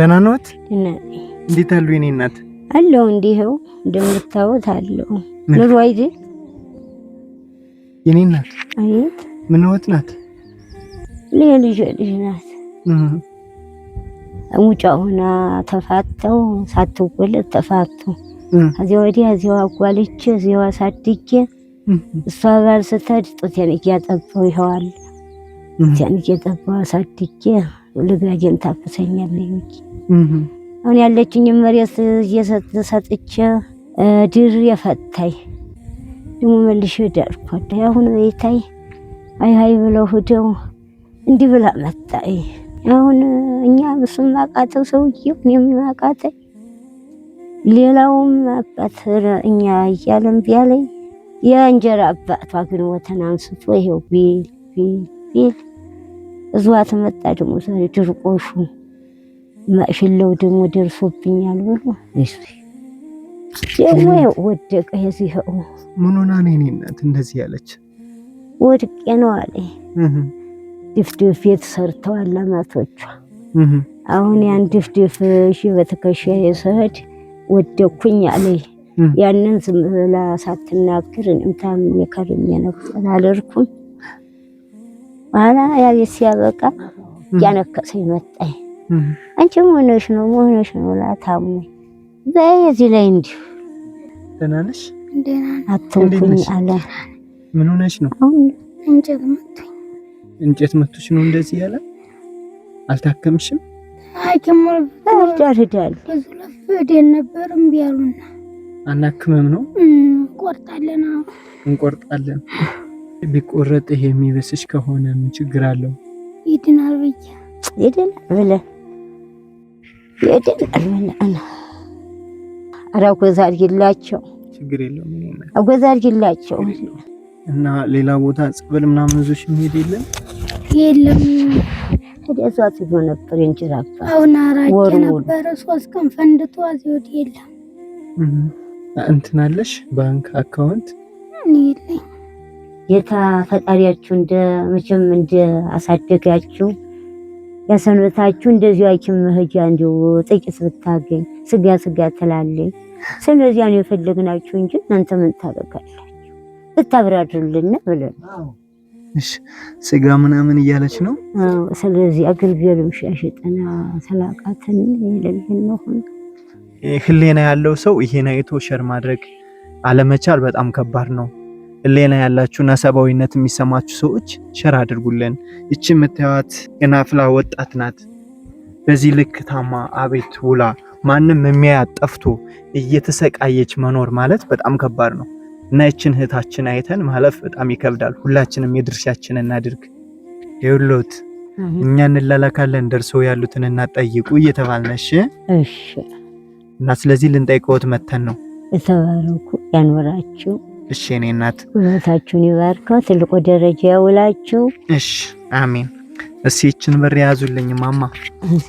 ደህና ነዎት? እንዴት አሉ የኔ እናት? አለሁ እንዲህው እንደምታወት አለሁ። ኑሮ አይደል የኔ እናት? አቤት። ምነዎት ናት? ልጅ ልጅ ናት። ሙጫ ሆና ተፋተው ሳትወለድ ተፋቱ። እዚያ ወዲያ እዚያው አጓልቼ እዚያው አሳድጌ እሷ ባል ስትሄድ ጡቴን እያጠባሁ ይኸዋል ያን እየጠባ አሳድጌ ልጋዴን እንጂ አሁን ያለችኝ መሬት እየሰጥቼ ድር የፈታይ ደግሞ መልሼ ዳርኳዳ አሁን ቤታይ አይ ብለው ሂደው እንዲህ ብላ መጣይ አሁን እኛ ብሱም አቃተው ሰውዬው እኔም አቃተኝ። ሌላውም አባት እኛ እያለም ቢያለኝ የእንጀራ አባቷ ግን ወተን አንስቶ ይሄው ቢል ቢል ቢል እዟት መጣ ደግሞ ድርቆሹ ማሽለው ደግሞ ደርሶብኛል ብሎ ደግሞ ወደቀ። የዚህው ምኑና ሆና ነው የእኔ እናት እንደዚህ ያለች? ወድቄ ነው አለ ድፍድፍ የተሰርተዋል ለማቶቿ አሁን ያን ድፍድፍ እሺ በትከሻ የሰድ ወደኩኝ አለ። ያንን ዝም ብላ ሳትናገር እኔም ታምሜ ከርሜ አላደርኩም በኋላ ያ ቤት ሲያበቃ እያነከሰኝ መጣኝ። አንቺ መሆነሽ ነው መሆነሽ ነው ላታሙ በዚህ ላይ እንዲሁ ደህና ነሽ አትንኩኝ አለ። ምን ሆነሽ ነው? እንጨት መቶኝ እንጨት መቶሽ ነው እንደዚህ ያለ አልታከምሽም? ሐኪም ዳር ሄዳል ሄደን ነበር እምቢ አሉና አናክምም ነው እንቆርጣለን እንቆርጣለን ቢቆረጥ ይሄ የሚበስሽ ከሆነ ምን ችግር አለው? ይድናል ብዬ ይድናል ብለህ ይድናል ብለህ ኧረ አጎዛ አድርጊላቸው ችግር የለውም። አጎዛ አድርጊላቸው እና ሌላ ቦታ ጸበል ምናምን ይዞሽ የሚሄድ የለም የለም። ታዲያ እሷ ጽፎ ነበር እንጀራ አሁን አራጀ ነበረ ሶስት ቀን ፈንድቶ አዚወድ የለም። እንትን አለሽ ባንክ አካውንት የለኝ ጌታ ፈጣሪያችሁ እንደ መቼም እንደ አሳደጋችሁ ያሰነታችሁ እንደዚሁ አይችም መሄጃ እንዲሁ ጥቂት ብታገኝ ስጋ ስጋ ትላለኝ። ስለዚያ ነው የፈለግናችሁ እንጂ እናንተ ምን ታደርጋላችሁ? ብታብራድርልና ብለን ስጋ ምናምን እያለች ነው። ስለዚህ አገልግልም ሻሽጠና ሰላቃትን ለልነሆን ህሌና ያለው ሰው ይሄን አይቶ ሸር ማድረግ አለመቻል በጣም ከባድ ነው። ህሊና ያላችሁና ሰብአዊነት የሚሰማችሁ ሰዎች ሸር አድርጉልን። ይቺ የምታዩት ገና ወጣት ናት። በዚህ ልክ ታማ አቤት ውላ ማንም የሚያያት ጠፍቶ እየተሰቃየች መኖር ማለት በጣም ከባድ ነው እና ይችን እህታችን አይተን ማለፍ በጣም ይከብዳል። ሁላችንም የድርሻችን እናድርግ። የውሎት እኛ እንላላካለን ደርሰው ያሉትን እናጠይቁ እየተባልነሽ እና ስለዚህ ልንጠይቀዎት መተን ነው። የተባረኩ ያኖራችሁ እሺ እኔ እናት ሁለታችሁን ይባርከው፣ ትልቁ ደረጃ ያውላችሁ። እሺ አሜን። እስኪ ይችን ብር የያዙልኝ ማማ፣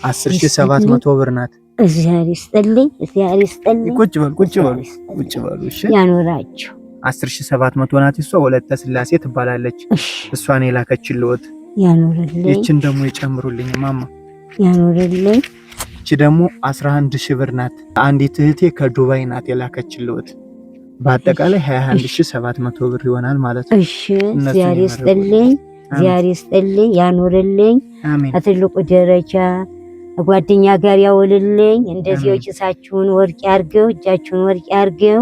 10700 ብር ናት። እግዚአብሔር ይስጥልኝ፣ እግዚአብሔር ይስጥልኝ። ቁጭ በል ቁጭ በል ቁጭ በል። እሺ ያኖራችሁ። 10700 ናት። እሷ ወለተ ስላሴ ትባላለች። እሷ ነው እሷን ልወት። ያኖርልኝ። ይችን ደግሞ ይጨምሩልኝ ማማ፣ ያኖርልኝ። ይቺ ደግሞ 11000 ብር ናት። አንዲት እህቴ ከዱባይ ናት የላከችልዎት በአጠቃላይ 21700 ብር ይሆናል ማለት ነው። እሺ እግዚአብሔር ይስጥልኝ፣ እግዚአብሔር ይስጥልኝ፣ ያኑርልኝ፣ ትልቁ ደረጃ ጓደኛ ጋር ያውልልኝ። እንደዚህ ጭሳችሁን ወርቅ ያርገው፣ እጃችሁን ወርቅ ያርገው።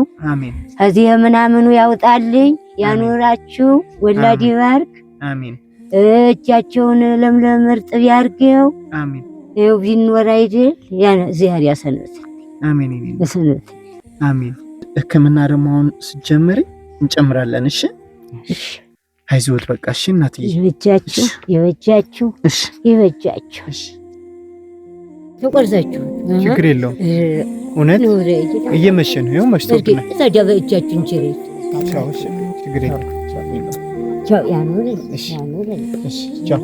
እዚህ ምናምኑ ያውጣልኝ፣ ያኖራችሁ፣ ወላድ ይባርክ። እጃቸውን ለምለም እርጥብ ያርገው። ይኸው ቢኖር አይደል ያን እግዚአብሔር ያሰንብትልኝ፣ ያሰንብትልኝ። ህክምና ደግሞ አሁን ስትጀምሪ እንጨምራለን። እሺ አይዞት በቃ እሺ እናት ይበጃችሁ፣ ይበጃችሁ፣ ይበጃችሁ። ተቆርዛችሁ ችግር የለውም። እውነት እየመሸ ነው። ይኸው መሽቶ እጃችሁ እንችሬ ችግር የለውም። ቻው ያኑር፣ ያኑር። ቻው